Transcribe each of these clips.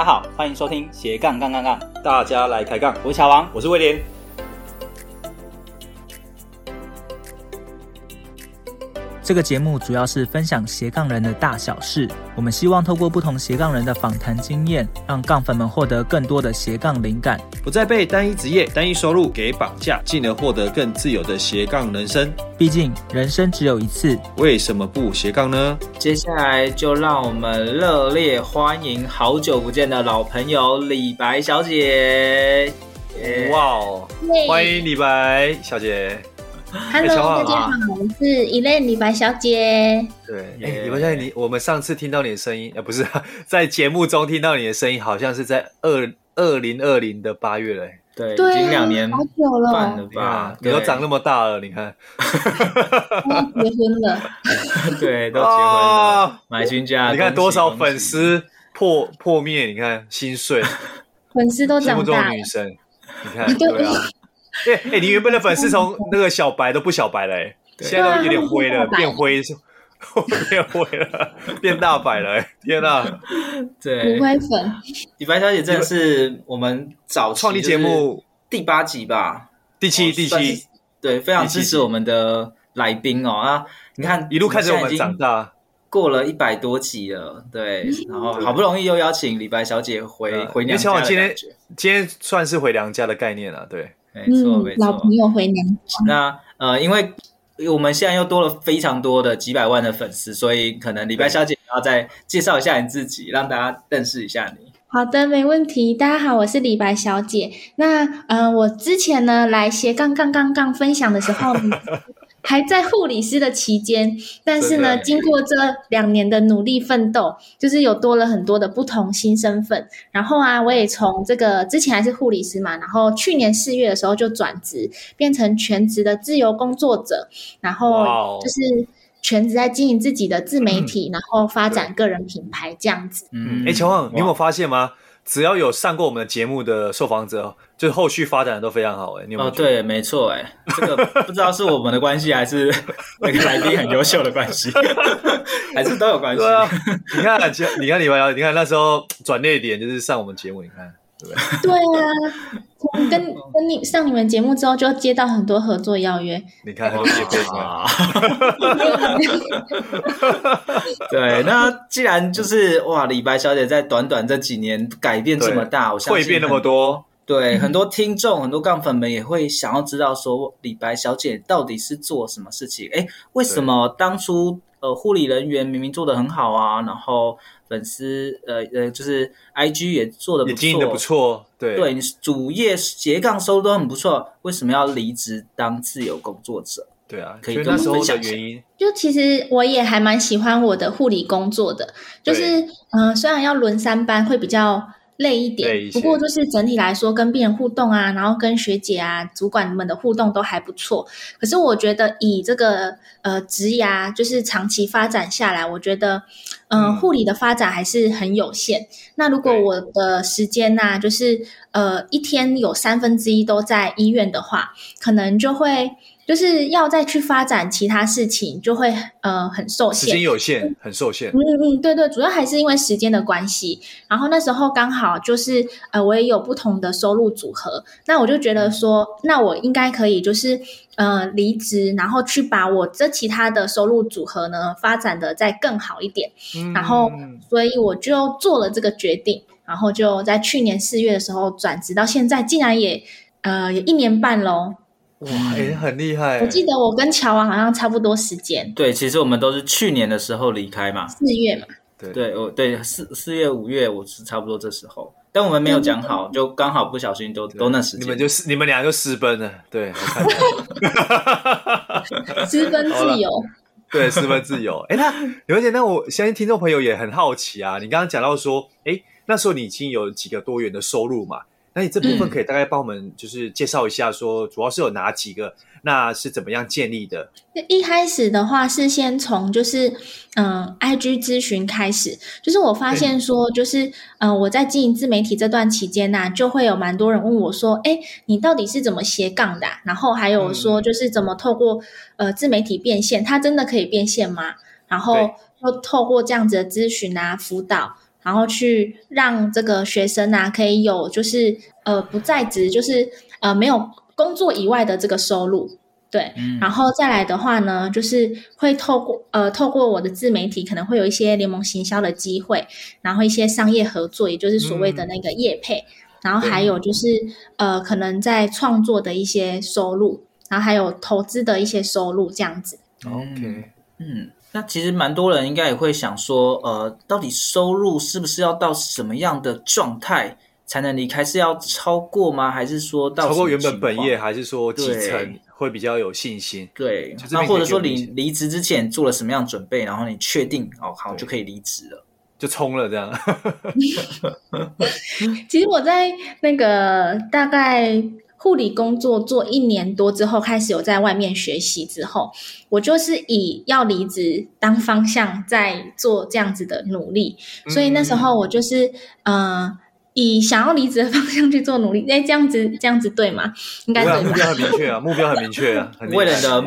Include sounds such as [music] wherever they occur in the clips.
大家好，歡迎收聽《斜槓槓槓槓》，大家來開槓，我是喬王，我是威廉。這個節目主要是分享斜槓人的大小事，我們希望透過不同斜槓人的訪談經驗，讓槓粉們獲得更多的斜槓靈感，不再被單一職業、單一收入給綁架，進而獲得更自由的斜槓人生。畢竟人生只有一次，為什麼不斜槓呢？接下來就讓我們熱烈歡迎好久不見的老朋友理白小姐！哎，哇哦，歡迎理白小姐。Hello， [laughs] 大家好， [laughs] 我們是 Elen 理白小姐。對，哎、yeah, yeah, 欸，理白小姐，你我們上次聽到你的聲音，呃不是在節目中聽到你的聲音，好像是在二二零二零的八月嘞、欸。對，已經兩年，好久了，半吧？你都長那麼大了，你看，啊，結婚了，對，都結婚了， [laughs] 婚了啊、買新家。你看多少粉絲破破滅，你看心碎，粉絲都長大了，生女生，你看， [laughs] 對，對啊。哎、欸、哎、欸，你原本的粉絲從那個小白都不小白了，欸，哎，啊，現在都有點灰了，變灰， [laughs] 變灰了， [laughs] 變大白了，欸， [laughs] 天哪，啊！對，不灰粉，理白小姐真的是我們早期創立節目第八集吧，第七，第七，哦、第七，對，非常支持我們的來賓哦啊！你看一路看著我們長大，過了一百多集了，對，然後好不容易又邀請理白小姐回回娘家的感覺，因為我今天今天算是回娘家的概念了，啊，對。沒錯、嗯，老朋友回娘家。那呃，因為我們現在又多了非常多的幾百萬的粉絲，所以可能理白小姐要再介紹一下你自己，讓大家認識一下你。好的，沒問題。大家好，我是理白小姐。那呃，我之前呢來斜槓槓槓槓分享的時候， [laughs] 還在護理師的期間，但是呢，是經過這兩年的努力奮鬥，就是有多了很多的不同新身份。然後啊，我也從這個之前還是護理師嘛，然後去年四月的時候就轉職，變成全職的自由工作者。然後就是全職在經營自己的自媒體、wow，然後發展個人品牌這樣子。嗯，哎、欸，喬王，你有沒有發現嗎？Wow. 只要有上過我們的節目的受訪者，就是後續發展的都非常好哎、欸，你有沒有？哦，對，沒錯哎、欸，這個不知道是我們的關係， [laughs] 還是那個來賓很優秀的關係， [laughs] 還是都有關係啊。你看，你看你們，瑤，你看那時候轉捩點，就是上我們節目，你看。對啊，從 [laughs] 跟跟你上你們節目之後，就接到很多合作邀約。你看很多啊！ [laughs] [laughs] 對，那既然就是哇，理白小姐在短短這幾年改變這麼大，我想會變那麼多。對，很多聽眾、很多槓粉們也會想要知道說，理白小姐到底是做什麼事情？哎，為什麼當初呃護理人員明明做得很好啊，然後？粉絲呃呃，就是 I G 也做的不錯，也經營的不錯，對對，你主業斜槓收入都很不錯，為什麼要離職當自由工作者？對啊，可以跟我們分享原因，就其實我也還蠻喜歡我的護理工作的，就是嗯、呃，雖然要輪三班會比較。累一點，不過就是整體來說，跟病人互動啊，然後跟學姐啊、主管們的互動都還不錯。可是我覺得，以這個呃職涯，就是長期發展下來，我覺得，嗯、呃，護理的發展還是很有限。嗯、那如果我的時間啊，就是呃一天有三分之一都在醫院的話，可能就會。就是要再去發展其他事情，就會呃很受限，時間有限，很受限。嗯嗯,嗯，對對，主要還是因為時間的關係。然後那時候剛好就是呃，我也有不同的收入組合，那我就覺得說，那我應該可以就是呃離職，然後去把我這其他的收入組合呢發展得再更好一點。嗯、然後所以我就做了這個決定，然後就在去年四月的時候轉職，到現在竟然也呃也一年半嘍。哇，也、欸、很厲害。我記得我跟喬王好像差不多時間。對，其實我們都是去年的時候離開嘛，四月嘛。對，對，我對四四月五月，月我是差不多這時候，但我們沒有講好，就剛好不小心都都那時間。你們就你們倆就私奔了，對，私奔 [laughs] [laughs] 自由。對，私奔自由。哎、 [laughs] 欸，那理白姐，那我相信聽眾朋友也很好奇啊。你剛剛講到說，哎、欸，那時候你已經有幾個多元的收入嘛？那你這部分可以大概幫我們就是介紹一下，說主要是有哪幾個、嗯，那是怎麼樣建立的？一開始的話是先從就是嗯、呃、IG 諮詢開始，就是我發現說就是嗯、欸呃，我在經營自媒體這段期間吶、啊，就會有蠻多人問我說，哎、欸，你到底是怎麼斜槓的、啊？然後還有說就是怎麼透過、嗯、呃自媒體變現，它真的可以變現嗎？然後就透過這樣子的諮詢啊輔導。然後去讓這個學生啊，可以有就是呃不在職，就是呃沒有工作以外的這個收入，對。嗯。然後再來的話呢，就是會透過呃透過我的自媒體，可能會有一些聯盟行銷的機會，然後一些商業合作，也就是所謂的那個業配。嗯。然後還有就是，嗯，呃可能在創作的一些收入，然後還有投資的一些收入，這樣子。OK，嗯。那其實蠻多人應該也會想說，呃，到底收入是不是要到什麼樣的狀態才能離開？是要超過嗎？還是說到超過原本本業，還是說幾層會比較有信心？對，那或者說你離職之前做了什麼樣準備，然後你確定哦好就可以離職了，就衝了這樣。 [laughs] [laughs] 其實我在那個大概。護理工作做一年多之後，開始有在外面學習之後，我就是以要離職當方向，在做這樣子的努力。所以那時候我就是，嗯、呃，以想要離職的方向去做努力。那、欸、這樣子，這樣子對嗎？應該是對吧？目標很明確啊，目標很明確啊， [laughs] 為了的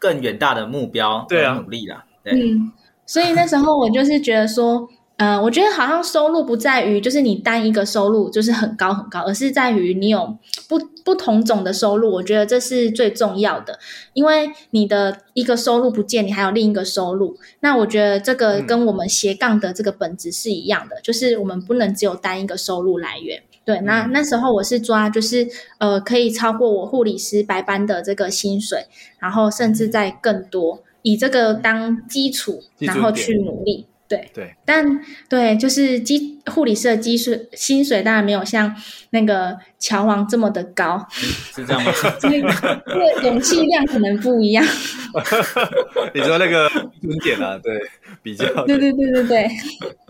更遠大的目標， [laughs] 對啊、呃，努力啦，對。嗯，所以那時候我就是覺得說。 [laughs] 嗯、呃，我覺得好像收入不在於就是你單一個收入就是很高很高，而是在於你有不不同種的收入。我覺得這是最重要的，因為你的一個收入不見，你還有另一個收入。那我覺得這個跟我們斜槓的這個本質是一樣的，嗯、就是我們不能只有單一個收入來源。對，那、嗯、那時候我是抓就是呃，可以超過我護理師白班的這個薪水，然後甚至再更多以這個當基礎，基礎然後去努力。對，對，但對，就是基,護理師的薪水,薪水當然沒有像那個喬王這麼的高，嗯、是這樣嗎？這個這勇氣量可能不一樣。 [laughs] [laughs] 你說那個蹲 [laughs] 點啊，對，比較，對對對對對。對對對對對 [laughs]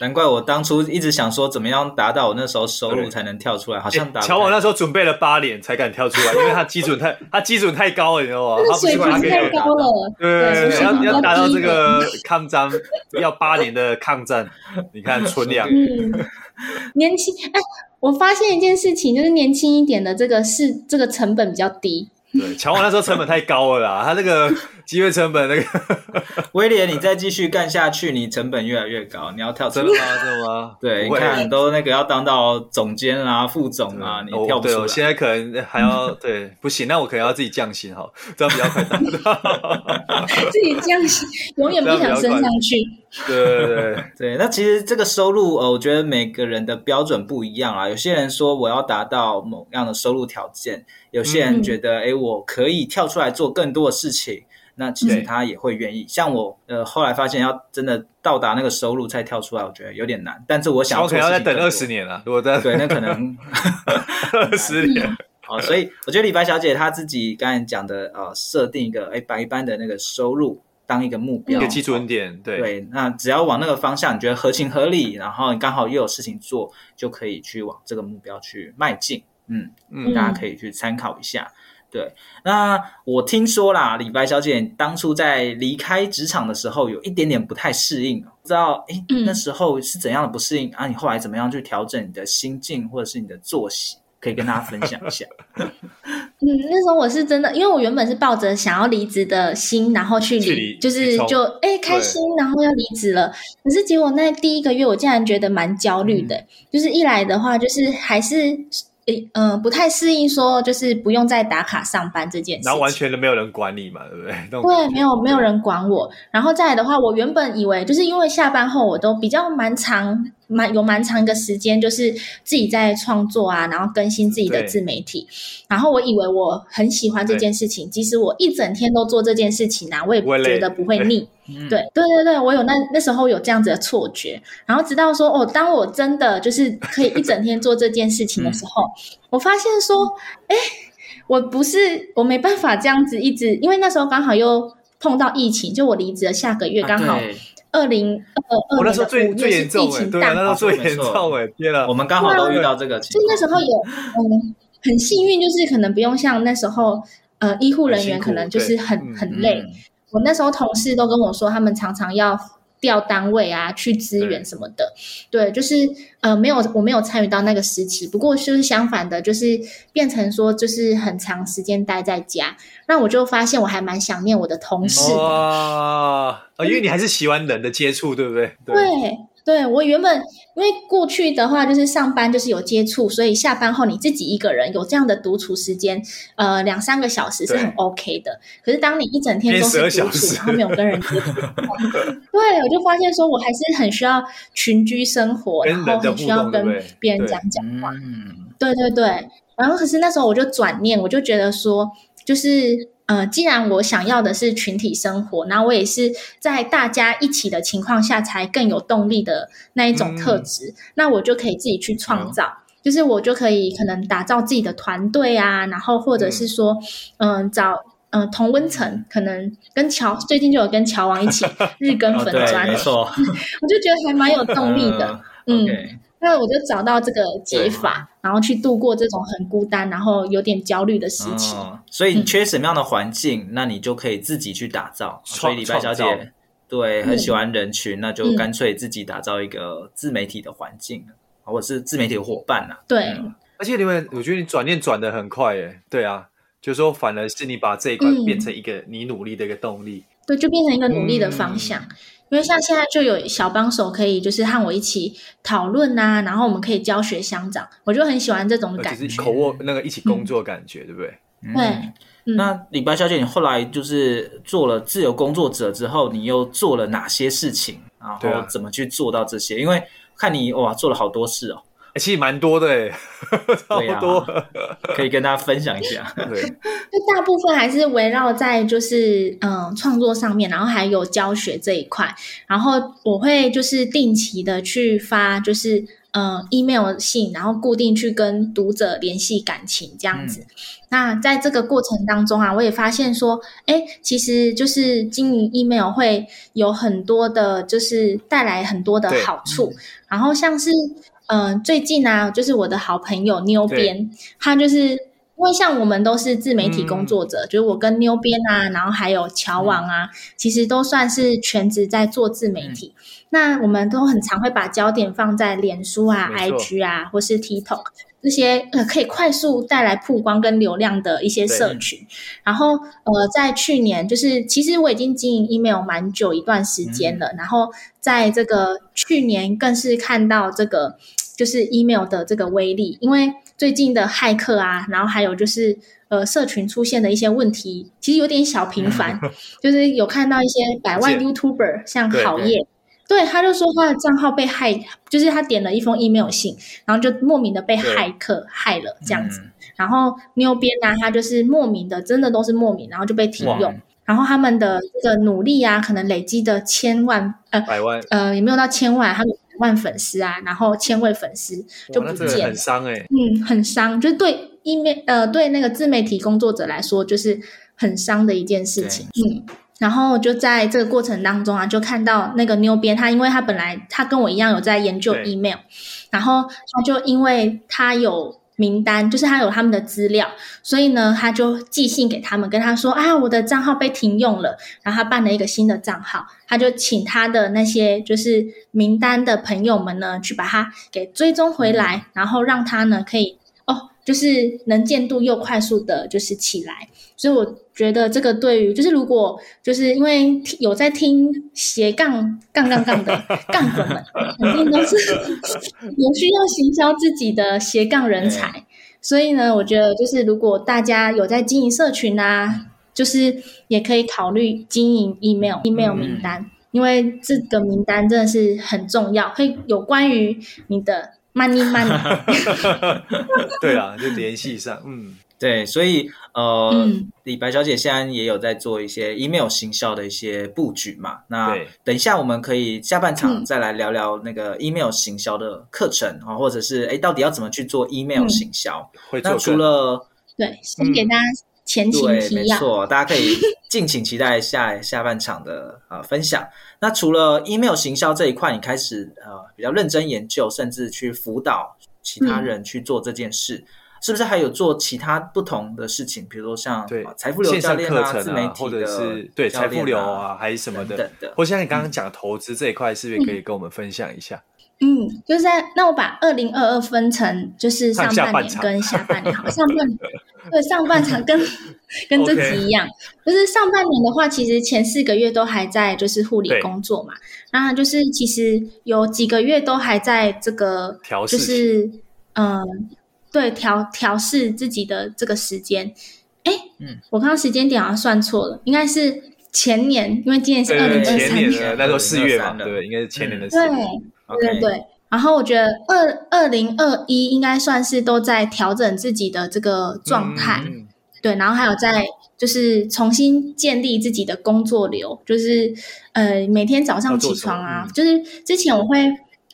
難怪我當初一直想說，怎麼樣達到我那時候收入才能跳出來？嗯、好像喬王、欸、那時候準備了八年才敢跳出來， [laughs] 因為他基準太， [laughs] 他，基準太他基準太高了，你知道嗎？ [laughs] [laughs] 他，不他水平太高了。對，對，對，對要要達到這個抗戰 [laughs] 要八年的抗戰， [laughs] 你看 [laughs] 存量。 [laughs] 年輕哎，我發現一件事情，就是年輕一點的這個是這個成本比較低。對，喬王那時候成本太高了啦， [laughs] 他這、那個。機會成本那個， [laughs] 威廉，你再繼續幹下去，你成本越來越高，你要跳，啊，槽的嗎？嗎？對，你看，啊、都那個要當到總監啊，副總啊，對你跳不出來，哦，對我現在可能還要 [laughs] 對，不行，那我可能要自己降薪哈，這樣比較快當到 [laughs] 自己降薪，永遠不想升上去。對對對，對，那其實這個收入呃，我覺得每個人的標準不一樣啊。有些人說我要達到某樣的收入條件，有些人覺得誒、嗯、欸、我可以跳出來做更多的事情。那其實他也會願意，像我，呃，後來發現要真的到達那個收入才跳出來，我覺得有點難。但是我想，我、哦、要再等二十年了、啊，如果再對，那可能二十 [laughs] 年、嗯。好，所以我覺得理白小姐她自己剛才講的，呃，設定一個哎白班的那個收入當一個目標，一個基準點，對。對，那只要往那個方向你覺得合情合理，然後你剛好又有事情做，就可以去往這個目標去邁進。嗯嗯，大家可以去參考一下。對，那我聽說啦，理白小姐當初在離開職場的時候有一點點不太適應，不知道哎那時候是怎樣的不適應、嗯、啊？你後來怎麼樣去調整你的心境或者是你的作息？可以跟大家分享一下。 [laughs] 嗯，那時候我是真的，因為我原本是抱着想要離職的心，然後去，離去離就是去就哎開心，然後要離職了，可是結果那第一個月我竟然覺得蠻焦慮的，嗯、就是一來的話就是還是。誒、欸，嗯、呃，不太適應，說就是不用再打卡上班這件事情，然後完全都沒有人管你嘛，對不對？對，沒有沒有人管我，然後再來的話，我原本以為就是因為下班後我都比較蠻常，蠻有蠻長的時間，就是自己在創作啊，然後更新自己的自媒體。然後我以為我很喜歡這件事情，即使我一整天都做這件事情呢、啊，我也覺得不會膩。對對,對對對，我有那那時候有這樣子的錯覺。然後直到說哦，當我真的就是可以一整天做這件事情的時候， [laughs] 嗯、我發現說，哎，我不是我沒辦法這樣子一直，因為那時候剛好又碰到疫情，就我離職的下個月、啊、剛好。二零二二年疫情，疫情大，啊，那時候最嚴重誒，對了，啊，我們剛好都遇到這個，就那時候有 [laughs] 嗯，很幸運，就是可能不用像那時候，呃，醫護人員可能就是很很，很累，嗯。我那時候同事都跟我說，他們常常要。調單位啊，去支援什麼的，對，對就是呃，沒有，我沒有參與到那個時期。不過，就是相反的，就是變成說，就是很長時間待在家，那我就發現我還蠻想念我的同事的哦，啊，因為你還是喜歡人的接觸，對不對？對。對，我原本因為過去的話就是上班就是有接觸，所以下班後你自己一個人有這樣的獨處時間，呃，兩三個小時是很 OK 的。可是當你一整天都是獨處，小時然後沒有跟人接觸， [laughs] [laughs] 對，我就發現說我還是很需要群居生活，然後很需要跟別人講講話。對對對，然後可是那時候我就轉念，我就覺得說，就是。呃，既然我想要的是群體生活，那我也是在大家一起的情況下才更有動力的那一種特質。嗯、那我就可以自己去創造、嗯，就是我就可以可能打造自己的團隊啊，嗯、然後或者是說，嗯、呃，找嗯、呃、同溫層、嗯，可能跟喬最近就有跟喬王一起日更粉專、哦，沒錯， [laughs] 我就覺得還蠻有動力的，嗯。嗯 okay. 那我就找到這個解法、嗯，然後去度過這種很孤單，然後有點焦慮的時期、嗯。所以你缺什麼樣的環境、嗯，那你就可以自己去打造。所以理白小姐對很喜歡人群、嗯，那就乾脆自己打造一個自媒體的環境，我、嗯、是自媒體的夥伴吶、啊嗯。對，而且你們，我覺得你轉念轉得很快耶。對啊，就是說反而是你把這一塊變成一個你努力的一個動力、嗯。對，就變成一個努力的方向。嗯因為像現在就有小幫手可以，就是和我一起討論吶，然後我們可以教學相長，我就很喜歡這種感覺，口、呃、握、就是、那個一起工作的感覺、嗯，對不對？對嗯。那理白小姐，你後來就是做了自由工作者之後，你又做了哪些事情？然後怎麼去做到這些？啊、因為看你哇，做了好多事哦。欸、其實蠻多的， [laughs] 差不多、啊、可以跟大家分享一下。 [laughs] 對，就大部分還是圍繞在就是嗯創、呃、作上面，然後還有教學這一塊。然後我會就是定期的去發就是嗯、呃、email 信，然後固定去跟讀者聯繫感情這樣子。嗯、那在這個過程當中啊，我也發現說，哎、欸，其實就是經營 email 會有很多的，就是帶來很多的好處。然後像是。嗯、呃，最近呢、啊，就是我的好朋友妞編，他就是。因為像我們都是自媒體工作者，嗯、就是我跟妞編啊、嗯，然後還有喬王啊、嗯，其實都算是全職在做自媒體、嗯。那我們都很常會把焦點放在臉書啊、IG 啊，或是 TikTok 這些、呃、可以快速帶來曝光跟流量的一些社群。然後呃，在去年就是其實我已經經營 email 蠻久一段時間了，嗯、然後在這個去年更是看到這個就是 email 的這個威力，因為。最近的駭客啊，然後還有就是呃，社群出現的一些問題，其實有點小頻繁， [laughs] 就是有看到一些百萬 YouTuber 像郝葉，對，他就說他的賬號被害，就是他點了一封 email 信，然後就莫名的被駭客害了這樣子。嗯、然後妞編啊，他就是莫名的，真的都是莫名，然後就被停用。然後他們的這個努力啊，可能累積的千萬呃百萬呃，也沒有到千萬，他們。萬粉絲啊，然後千位粉絲就不見，很傷誒、欸。嗯，很傷，就是對 email 呃對那個自媒體工作者來說，就是很傷的一件事情，嗯，然後就在這個過程當中啊，就看到那個妞編他，因為他本來他跟我一樣有在研究 email，然後他就因為他有。名單就是他有他們的資料，所以呢，他就寄信給他們，跟他說：“啊，我的賬號被停用了，然後他辦了一個新的賬號，他就請他的那些就是名單的朋友們呢，去把他給追蹤回來，然後讓他呢可以。”就是能見度又快速的，就是起來，所以我覺得這個對於就是如果就是因為有在聽斜槓槓槓槓的槓子們，肯定都是有 [laughs] [laughs] 需要行銷自己的斜槓人才。所以呢，我覺得就是如果大家有在經營社群啊，就是也可以考慮經營 email email 名單，因為這個名單真的是很重要，會有關於你的。money money，對啊，就聯繫上，嗯，對，所以呃、嗯，理白小姐現在也有在做一些 email 行銷的一些布局嘛。那等一下我們可以下半場再來聊聊那個 email 行銷的課程啊、嗯，或者是哎、欸，到底要怎麼去做 email 行銷？會、嗯、那除了、嗯、對，先給大家。嗯對，沒錯，大家可以敬請期待下下半場的 [laughs] 呃分享。那除了 email 行銷這一塊，你開始呃比較認真研究，甚至去輔導其他人去做這件事。嗯是不是還有做其他不同的事情？比如說像啊、財富流教練啊，啊，自媒體、啊、或者是對財富流啊，啊還是什麼的，或者、啊、像你剛剛講投資這一塊、嗯，是不是可以跟我們分享一下？嗯，就是在那我把二零二二分成就是上半年跟下半年，好像半年 [laughs] 對，上半場跟 [laughs] 跟這集一樣，Okay. 就是上半年的話，其實前四個月都還在就是護理工作嘛，然後就是其實有幾個月都還在這個調試，就是嗯。對調調試自己的這個時間，哎，嗯，我剛剛時間點好像算錯了，應該是前年，因為今年是二零二三年，對對對前年那時候四月嘛，對，應該是前年的四月、okay。對對對。然後我覺得二二零二一應該算是都在調整自己的這個狀態、嗯，對，然後還有在就是重新建立自己的工作流，就是呃每天早上起床啊、嗯，就是之前我會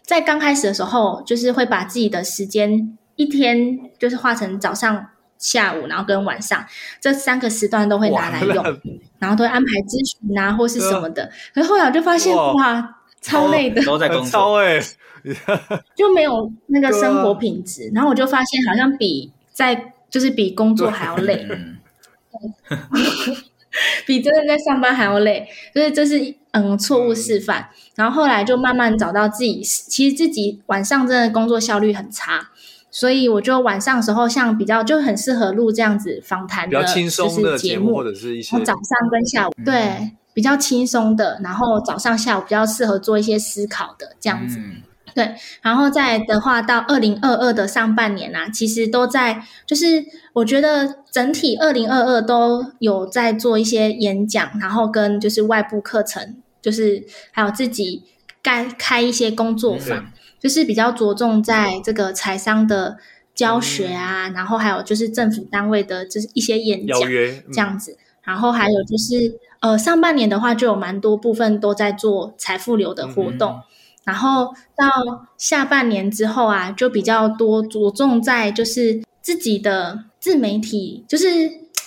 在剛開始的時候，就是會把自己的時間。一天就是劃成早上、下午，然後跟晚上這三個時段都會拿來用，然後都會安排諮詢啊、嗯、或是什麼的。可是後來我就發現，哇，哇超，超累的，都在工作，超累、欸， [laughs] 就沒有那個生活品質。然後我就發現，好像比在就是比工作還要累，嗯、 [laughs] 比真的在上班還要累。所、就、以、是、這是嗯錯誤示範、嗯。然後後來就慢慢找到自己，其實自己晚上真的工作效率很差。所以我就晚上的時候，像比較就很適合錄這樣子訪談，比較輕鬆的節目或者是一些早上跟下午、嗯、對比較輕鬆的，然後早上下午比較適合做一些思考的這樣子，嗯、對。然後再的話，到二零二二的上半年啊，其實都在就是我覺得整體二零二二都有在做一些演講，然後跟就是外部課程，就是還有自己幹，開一些工作坊。嗯就是比較着重在這個財商的教學啊、嗯，然後還有就是政府單位的，就是一些演講這樣子、嗯。然後還有就是，呃，上半年的話就有蠻多部分都在做財富流的活動，嗯嗯。然後到下半年之後啊，就比較多着重在就是自己的自媒體，就是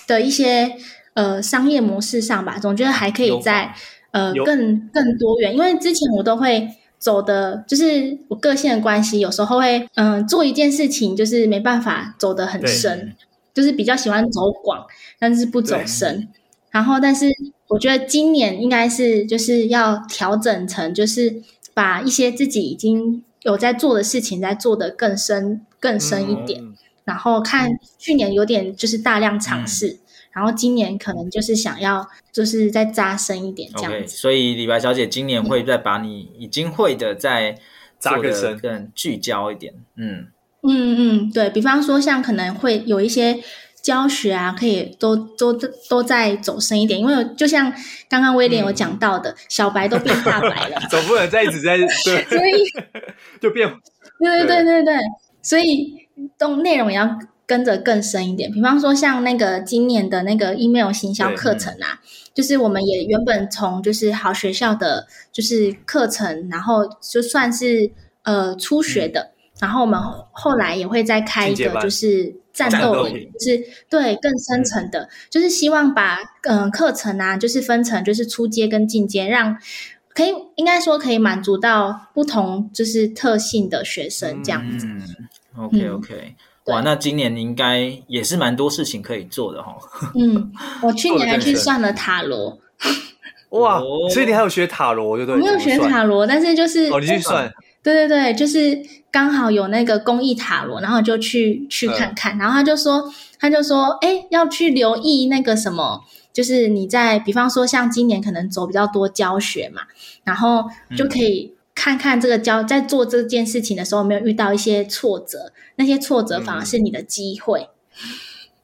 的一些呃商業模式上吧。總覺得還可以在呃更更多元，因為之前我都會。走的就是我個性的關係，有時候會嗯、呃、做一件事情，就是沒辦法走得很深，就是比較喜歡走廣，但是不走深。然後，但是我覺得今年應該是就是要調整成，就是把一些自己已經有在做的事情，再做得更深更深一點、嗯，然後看去年有點就是大量嘗試。嗯然後今年可能就是想要，就是再扎深一點這樣子。Okay, 所以，理白小姐今年會再把你已經會的再扎更深、更聚焦一點。嗯嗯嗯，對，比方說，像可能會有一些教學啊，可以都都都，都再走深一點。因為就像剛剛威廉有講到的，嗯、小白都變大白了， [laughs] 總不能再一直在，對，所以就變。對對對對對，對，所以都內容也要。跟着更深一點，比方說像那個今年的那個 email 行銷課程啊，嗯、就是我們也原本從就是好學校的，就是課程，然後就算是呃初學的、嗯，然後我們後來也會再開一個就是戰鬥，就是對更深層的、嗯，就是希望把嗯、呃、課程啊，就是分成就是初階跟進階，讓可以應該說可以滿足到不同就是特性的學生這樣子。嗯，OK OK。哇，那今年應該也是蠻多事情可以做的哦。嗯，我去年還去算了塔羅、哦。哇，所以你還有學塔羅，對不對？我沒有學塔羅，但是就是哦，你去算、欸。對對對，就是剛好有那個公益塔羅，然後就去去看看、嗯。然後他就說，他就說，哎、欸，要去留意那個什麼，就是你在，比方說像今年可能走比較多教學嘛，然後就可以、嗯。看看這個教在做這件事情的時候，有沒有遇到一些挫折，那些挫折反而是你的機會。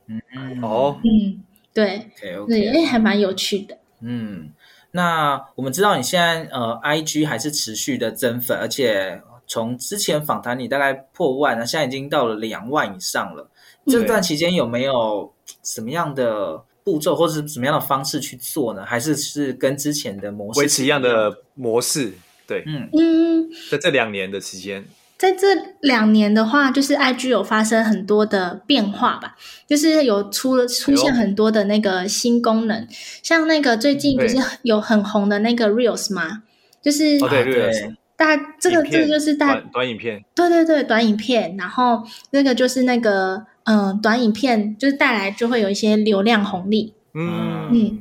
嗯、嗯哦，嗯對，OK OK，哎，還蠻有趣的。嗯，那我們知道你現在呃，IG 還是持續的增粉，而且從之前訪談你大概破萬，那現在已經到了兩萬以上了。這段期間有沒有什麼樣的步驟或是什麼樣的方式去做呢？還是是跟之前的模式的維持一樣的模式？對，嗯嗯，在這兩年的時間，在這兩年的話，就是 IG 有發生很多的變化吧，就是有出了出現很多的那個新功能，哎、像那個最近不是有很紅的那個 reels 嗎、嗯？就是、哦、對對，大這個這個就是大短，短影片，對對對，短影片，然後那個就是那個嗯、呃，短影片就是帶來就會有一些流量紅利，嗯嗯，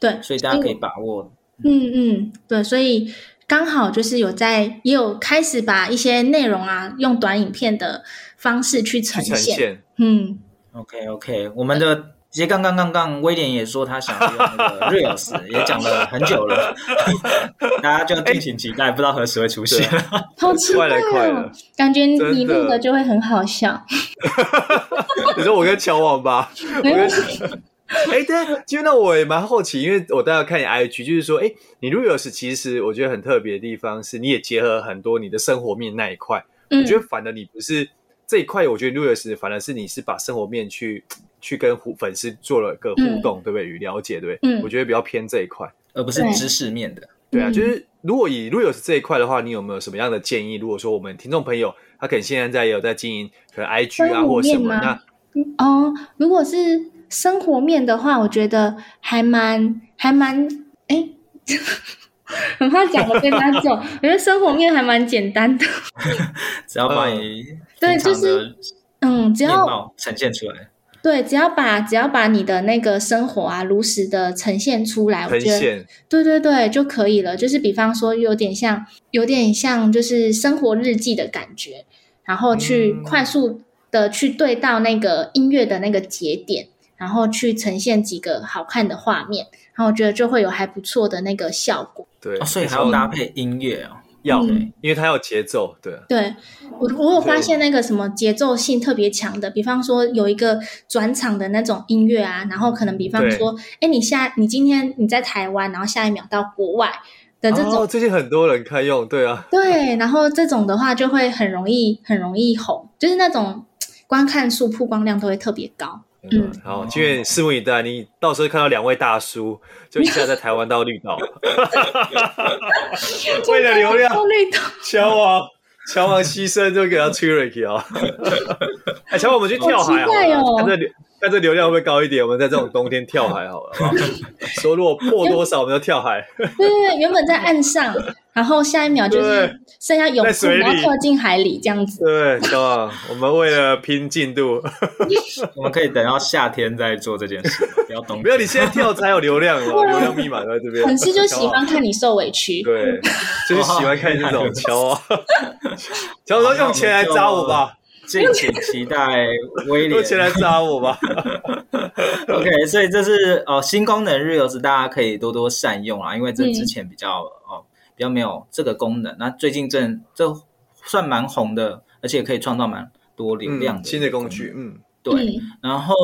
對，所以大家可以把握，嗯嗯，嗯，對，所以。剛好就是有在，也有開始把一些內容啊，用短影片的方式去呈現。呈現嗯，OK OK，我們的其實剛剛剛剛威廉也說他想要用那個 Reels，也講了很久了， [laughs] [laughs] 大家就敬請期待、欸，不知道何時會出現了。好奇怪啊、 [laughs] 好奇怪啊！感覺你錄的就會很好笑。你說 [laughs] 我跟喬王吧？沒 [laughs] 有跟你。 [laughs] 哎、 [laughs] 欸，對，就那我也蠻好奇，因為我待會看你 IG，就是說，哎、欸，你 Louis 其實我覺得很特別的地方是，你也結合了很多你的生活面那一塊、嗯。我覺得反而你不是這一塊，我覺得 Louis 反而是你是把生活面去去跟粉絲做了個互動，嗯、對不對？與了解，對不對、嗯、我覺得比較偏這一塊，而不是知識面的對。對啊，就是如果以 Louis 這一塊的話，你有沒有什麼樣的建議？嗯、如果說我們聽眾朋友他可能現在也有在經營，可能 IG 啊或什麼那哦，如果是。生活面的話，我覺得還蠻還蠻哎，欸、 [laughs] 很怕講的被他走。 [laughs] 我覺得生活面還蠻簡單的，只要把你，對就是嗯，只要呈現出來。對，就是嗯、只要，對只要把只要把你的那個生活啊，如實的呈現出來。呈現，我覺得對對對就可以了。就是比方說，有點像有點像就是生活日記的感覺，然後去快速的去對到那個音樂的那個節點。嗯然後去呈現幾個好看的畫面，然後我覺得就會有還不錯的那個效果。對，哦、所以還要搭配音樂哦，要，嗯、因為它有節奏。對，對我我有發現那個什麼節奏性特別強的，比方說有一個轉場的那種音樂啊，然後可能比方說，哎，你下你今天你在台灣，然後下一秒到國外的這種、哦，最近很多人開用，對啊，對，然後這種的話就會很容易很容易紅，就是那種觀看數曝光量都會特別高。嗯，嗯，好，今天拭目以待。你到時候看到兩位大叔，就一下在台灣到綠島，為 [laughs] 了 [laughs] [laughs] 流量，喬王喬王犧牲，就給他吹瑞氣啊！ [laughs] [laughs] 哎，喬王，我們去跳海、哦、啊！看這看這流量會不會高一點？我們在這種冬天跳海好了好不好， [laughs] 說如果破多少，我們就跳海。對對對，原本在岸上，然後下一秒就是剩下游泳池水，然後要跳進海裡這樣子。對， [laughs] 對，我們為了拼進度， [laughs] 我們可以等到夏天再做這件事。你要懂，不要 [laughs] 沒有你現在跳才有流量、喔、流量密碼在這邊。粉絲就喜歡看你受委屈， [laughs] 對， [laughs] 就是喜歡看你這種跳啊，跳 [laughs] [laughs] 說用錢來砸我吧。 [laughs] 敬請期待威廉，都先來扎我吧。 [laughs] OK，所以這是哦、呃、新功能，日游是大家可以多多善用啊，因為這之前比較哦、呃、比較沒有這個功能。嗯、那最近這這算蠻紅的，而且可以創造蠻多流量的、嗯、新的工具。嗯，對。然後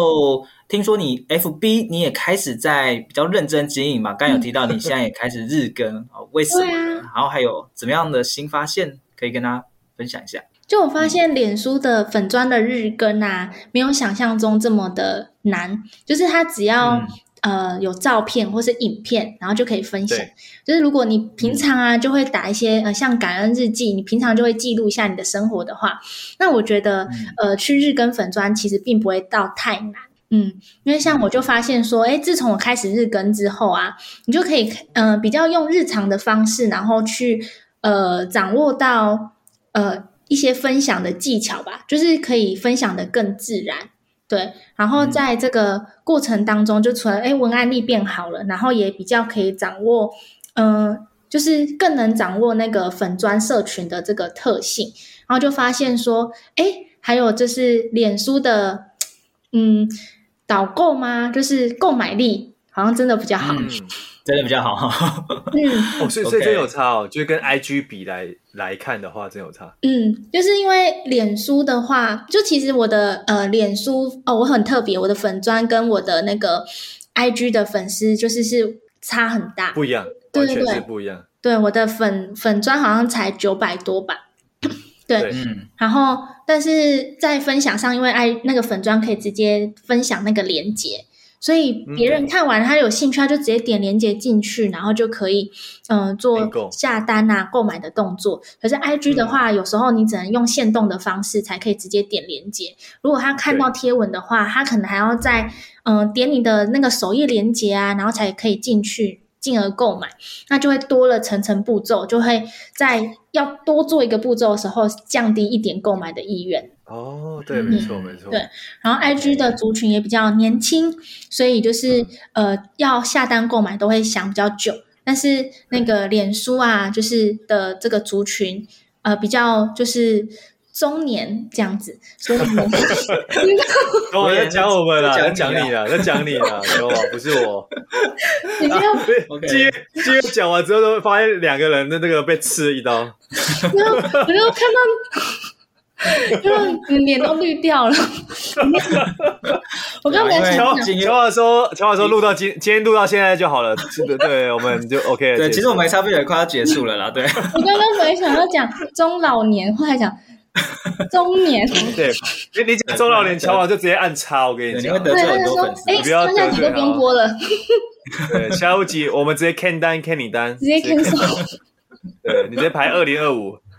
聽說你 FB 你也開始在比較認真經營嘛，剛有提到你現在也開始日更啊？嗯、為什麼呢、啊？然後還有怎麼樣的新發現可以跟大家分享一下？就我發現，臉書的粉專的日更啊，沒有想象中這麼的難。就是它只要、嗯、呃有照片或是影片，然後就可以分享。就是如果你平常啊就會打一些呃像感恩日記，你平常就會記錄一下你的生活的話，那我覺得、嗯、呃去日更粉專其實並不會到太難。嗯，因為像我就發現說，誒自從我開始日更之後啊，你就可以嗯、呃、比較用日常的方式，然後去呃掌握到呃。一些分享的技巧吧，就是可以分享得更自然，對。然後在這個過程當中，就除誒文案力變好了，然後也比較可以掌握，嗯、呃，就是更能掌握那個粉專社群的這個特性。然後就發現說，誒，還有就是臉書的，嗯，導購嗎？就是購買力好像真的比較好。嗯真的比較好， [laughs] 嗯，哦，所以所以真有差哦，okay. 就是跟 I G 比來來看的話，真有差。嗯，就是因為臉書的話，就其實我的呃臉書哦，我很特別，我的粉專跟我的那個 I G 的粉絲就是是差很大，不一樣，對確實不一樣。對，我的粉粉專好像才九百多吧？對，嗯。然後，但是在分享上，因為 I 那個粉專可以直接分享那個鏈接。所以別人看完他有興趣，他就直接點鏈接進去，然後就可以嗯、呃、做下單啊購買的動作。可是 I G 的話，有時候你只能用限動的方式才可以直接點鏈接。如果他看到貼文的話，他可能還要再嗯、呃、點你的那個首頁鏈接啊，然後才可以進去進而購買，那就會多了層層步驟，就會在要多做一個步驟的時候降低一點購買的意願。哦，對、嗯，沒錯，沒錯。對，然後 IG 的族群也比較年輕，嗯、所以就是呃，要下單購買都會想比較久。但是那個臉書啊，就是的這個族群，呃，比較就是中年這樣子。所以你們 [laughs] 你我在講我們啦，在講你啦、啊、在講你啦 [laughs] 沒有啊？不是我。你今天今天講完之後，都發現兩個人的那個被刺一刀。然後沒有看到。就 [laughs] 臉都綠掉了我剛剛。我剛剛本來想講，喬王說喬王說錄到今天錄到現在就好了，對，我們就 OK 對。對，其實我們這差不多也快要結束了啦。對我剛剛本來想要講中老年，後來講中年。對，你你講中老年喬王就直接按叉，我跟你講。對，喬王說 X,，哎，下午幾都不用播了。對，下午幾我們直接看單看你單，直接開上。 [laughs] 對，你直接排二零二五。那，哈，對，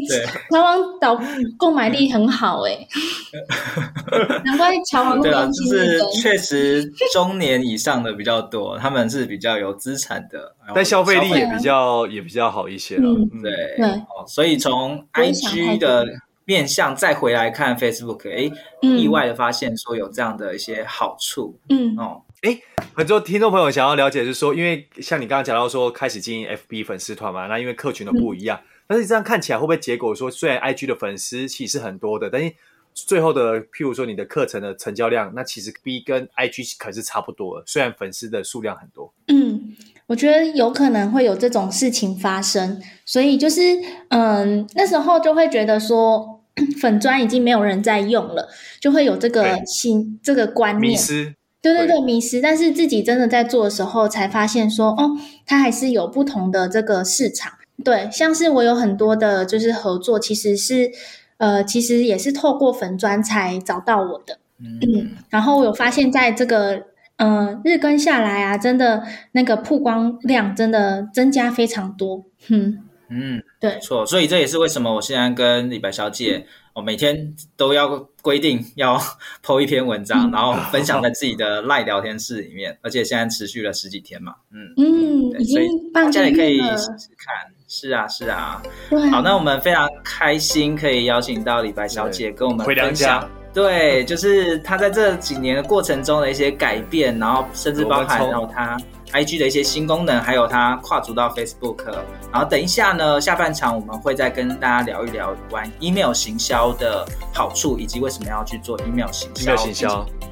台灣島購買力很好哎，難怪喬幫確實是確實中年以上的比較多， [laughs] 他們是比較有資產的，但消費力也比較、啊、也比較好一些了。嗯，對，對，對，所以從 IG 的面向，面向再回來看 Facebook，哎、欸嗯，意外的發現說有這樣的一些好處。嗯，哦、嗯。哎，很多聽眾朋友想要了解，就是說，因為像你剛剛講到說，開始經營 FB 粉絲團嘛，那因為客群都不一樣。嗯、但是這樣看起來，會不會結果說，雖然 IG 的粉絲其實很多的，但是最後的，譬如說你的課程的成交量，那其實 B 跟 IG 可是差不多了。雖然粉絲的數量很多，嗯，我覺得有可能會有這種事情發生。所以就是，嗯，那時候就會覺得說，粉專已經沒有人在用了，就會有這個心、嗯、這個觀念。對對對，迷失。但是自己真的在做的時候，才發現說，哦，它還是有不同的這個市場。對，像是我有很多的，就是合作，其實是，呃，其實也是透過粉專，才找到我的。嗯。嗯，然後我有發現，在這個嗯、呃、日更下來啊，真的那個曝光量真的增加非常多。嗯。嗯，對，沒錯，所以這也是為什麼我現在跟理白小姐。我每天都要規定要 PO 一篇文章，嗯，然後分享在自己的賴聊天室裡面，嗯，而且現在持續了十幾天嘛，嗯嗯對，所以大家也可以試試看，是啊是啊，好，那我們非常開心可以邀請到理白小姐跟我們分享，對，對就是她在這幾年的過程中的一些改變，嗯、然後甚至包含到她 IG 的一些新功能，還有它跨足到 Facebook，然後等一下呢，下半場我們會再跟大家聊一聊玩 Email 行銷的好處，以及為什麼要去做 Email 行銷。